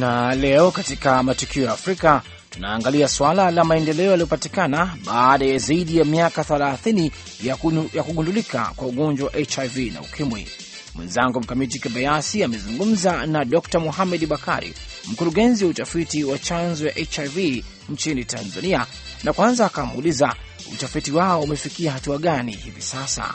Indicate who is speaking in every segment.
Speaker 1: Na leo katika matukio ya Afrika tunaangalia suala la maendeleo yaliyopatikana baada ya zaidi ya miaka 30 ya, ya kugundulika kwa ugonjwa wa HIV na ukimwi. Mwenzangu Mkamiti Kibayasi amezungumza na Dr Muhamedi Bakari, mkurugenzi wa utafiti wa chanzo ya HIV nchini Tanzania, na kwanza akamuuliza utafiti wao umefikia hatua gani hivi sasa.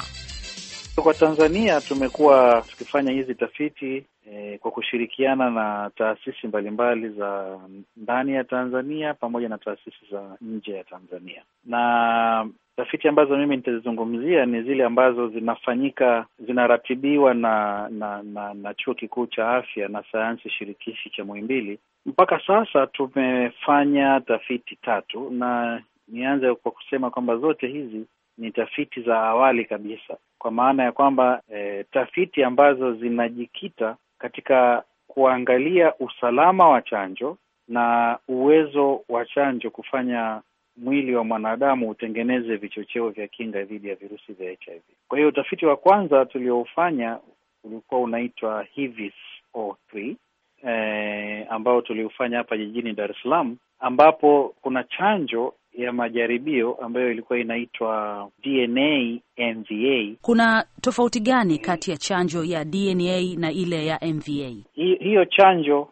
Speaker 2: Kwa Tanzania tumekuwa tukifanya hizi tafiti e, kwa kushirikiana na taasisi mbalimbali za ndani ya Tanzania pamoja na taasisi za nje ya Tanzania. Na tafiti ambazo mimi nitazizungumzia ni zile ambazo zinafanyika zinaratibiwa na na, na, na Chuo Kikuu cha Afya na Sayansi Shirikishi cha Muhimbili. Mpaka sasa tumefanya tafiti tatu, na nianze kwa kusema kwamba zote hizi ni tafiti za awali kabisa, kwa maana ya kwamba e, tafiti ambazo zinajikita katika kuangalia usalama wa chanjo na uwezo wa chanjo kufanya mwili wa mwanadamu utengeneze vichocheo vya kinga dhidi ya virusi vya HIV. Kwa hiyo utafiti wa kwanza tuliofanya ulikuwa unaitwa HIVIS o 3 eh, ambao tuliufanya hapa jijini Dar es Salaam ambapo kuna chanjo ya majaribio ambayo ilikuwa inaitwa DNA MVA.
Speaker 1: Kuna tofauti gani kati ya chanjo ya DNA na ile ya MVA?
Speaker 2: Hi, hiyo chanjo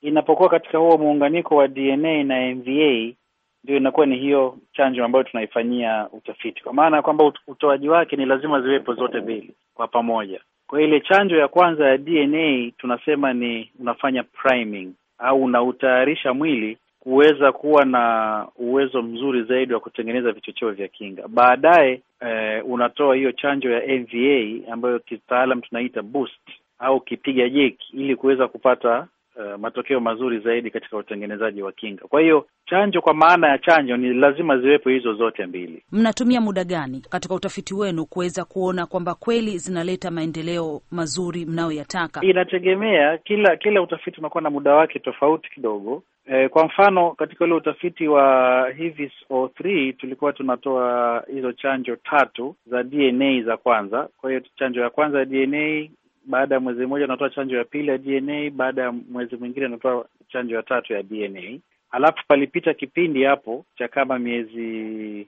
Speaker 2: inapokuwa katika huo muunganiko wa DNA na MVA ndio inakuwa ni hiyo chanjo ambayo tunaifanyia utafiti, kwa maana ya kwamba utoaji wake ni lazima ziwepo zote mbili kwa pamoja. Kwa ile chanjo ya kwanza ya DNA tunasema ni unafanya priming au unautayarisha mwili kuweza kuwa na uwezo mzuri zaidi wa kutengeneza vichocheo vya kinga. Baadaye eh, unatoa hiyo chanjo ya MVA ambayo kitaalam tunaita boost au kipiga jeki, ili kuweza kupata uh, matokeo mazuri zaidi katika utengenezaji wa kinga. Kwa hiyo chanjo, kwa maana ya chanjo, ni lazima ziwepo hizo zote mbili.
Speaker 1: Mnatumia muda gani katika utafiti wenu kuweza kuona kwamba kweli zinaleta maendeleo mazuri mnayoyataka?
Speaker 2: Inategemea, kila kila utafiti unakuwa na muda wake tofauti kidogo. E, kwa mfano katika ule utafiti wa Hives O3 tulikuwa tunatoa hizo chanjo tatu za DNA za kwanza. Kwa hiyo chanjo ya kwanza ya DNA baada ya mwezi mmoja anatoa chanjo ya pili ya DNA, baada ya mwezi mwingine anatoa chanjo ya tatu ya DNA. Alafu palipita kipindi hapo cha kama miezi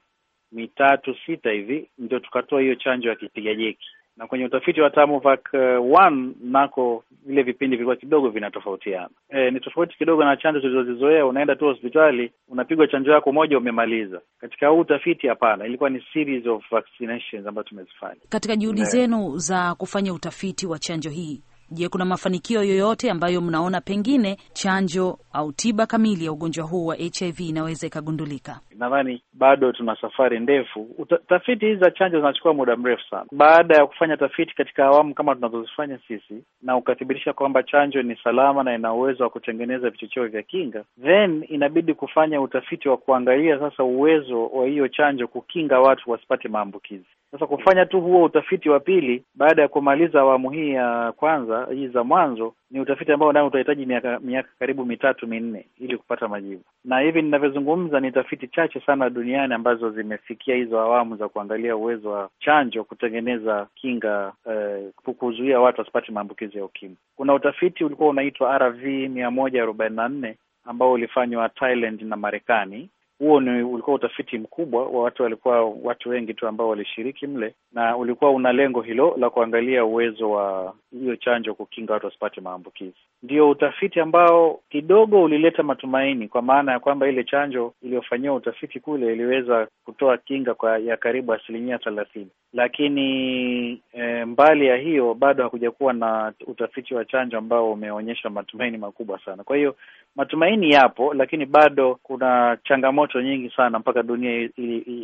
Speaker 2: mitatu sita hivi, ndio tukatoa hiyo chanjo ya kipiga jeki na kwenye utafiti wa Tamovac uh, one nako vile vipindi vilikuwa kidogo vinatofautiana. E, ni tofauti kidogo na chanjo tulizozizoea. Unaenda tu hospitali unapigwa chanjo yako moja umemaliza. Katika huu utafiti hapana, ilikuwa ni series of vaccinations tumezifanya
Speaker 1: katika juhudi eh. zenu za kufanya utafiti wa chanjo hii. Je, kuna mafanikio yoyote ambayo mnaona pengine chanjo au tiba kamili ya ugonjwa huu wa HIV inaweza ikagundulika?
Speaker 2: Nadhani bado tuna safari ndefu. Uta, tafiti hizi za chanjo zinachukua muda mrefu sana. Baada ya kufanya tafiti katika awamu kama tunazozifanya sisi na ukathibitisha kwamba chanjo ni salama na ina uwezo wa kutengeneza vichocheo vya kinga, then inabidi kufanya utafiti wa kuangalia sasa uwezo wa hiyo chanjo kukinga watu wasipate maambukizi. Sasa kufanya tu huo utafiti wa pili baada ya kumaliza awamu hii ya kwanza hii za mwanzo ni utafiti ambao nao utahitaji miaka miaka karibu mitatu minne ili kupata majibu, na hivi ninavyozungumza ni tafiti chache sana duniani ambazo zimefikia hizo awamu za kuangalia uwezo wa chanjo kutengeneza kinga eh, kuzuia watu wasipate maambukizi ya ukimwi. Kuna utafiti ulikuwa unaitwa RV mia moja arobaini na nne ambao ulifanywa Thailand na Marekani huo ni ulikuwa utafiti mkubwa wa watu, walikuwa watu wengi tu ambao walishiriki mle, na ulikuwa una lengo hilo la kuangalia uwezo wa hiyo chanjo kukinga watu wasipate maambukizi. Ndio utafiti ambao kidogo ulileta matumaini, kwa maana ya kwamba ile chanjo iliyofanyiwa utafiti kule iliweza kutoa kinga kwa ya karibu asilimia thelathini, lakini e, mbali ya hiyo bado hakuja kuwa na utafiti wa chanjo ambao umeonyesha matumaini makubwa sana. Kwa hiyo matumaini yapo, lakini bado kuna changamoto changamoto nyingi sana mpaka dunia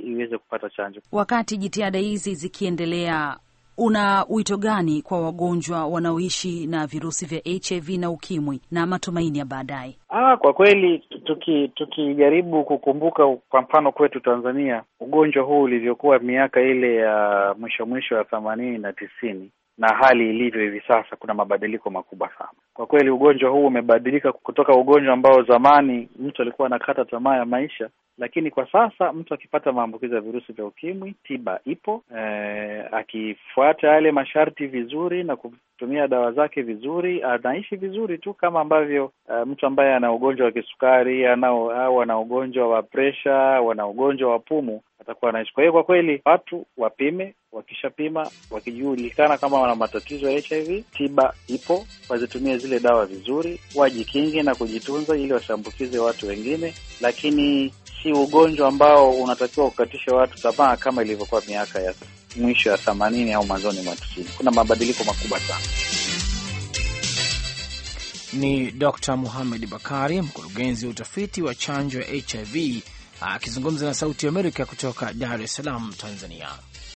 Speaker 2: iweze kupata chanjo.
Speaker 1: Wakati jitihada hizi zikiendelea, una wito gani kwa wagonjwa wanaoishi na virusi vya HIV na ukimwi na matumaini ya baadaye?
Speaker 2: Ah, kwa kweli tuki tukijaribu kukumbuka kwa mfano kwetu Tanzania ugonjwa huu ulivyokuwa miaka ile ya mwisho mwisho ya themanini na tisini na hali ilivyo hivi sasa, kuna mabadiliko makubwa sana kwa kweli. Ugonjwa huu umebadilika kutoka ugonjwa ambao zamani mtu alikuwa anakata tamaa ya maisha lakini kwa sasa mtu akipata maambukizi ya virusi vya ukimwi tiba ipo. e, akifuata yale masharti vizuri na kutumia dawa zake vizuri, anaishi vizuri tu kama ambavyo uh, mtu ambaye ana ugonjwa wa kisukari anao au ana ugonjwa wa presha wana ana ugonjwa wa pumu atakuwa anaishi. Kwa hiyo kwa kweli watu wapime, wakishapima wakijulikana kama wana matatizo ya HIV, tiba ipo, wazitumie zile dawa vizuri, wajikingi na kujitunza ili wasiambukize watu wengine, lakini si ugonjwa ambao unatakiwa kukatisha watu tamaa kama ilivyokuwa miaka ya mwisho ya themanini au mwanzoni mwa tisini. Kuna mabadiliko makubwa sana.
Speaker 1: Ni Dr. Muhamed Bakari, mkurugenzi wa utafiti wa chanjo ya HIV akizungumza na Sauti Amerika kutoka Dar es Salaam, Tanzania.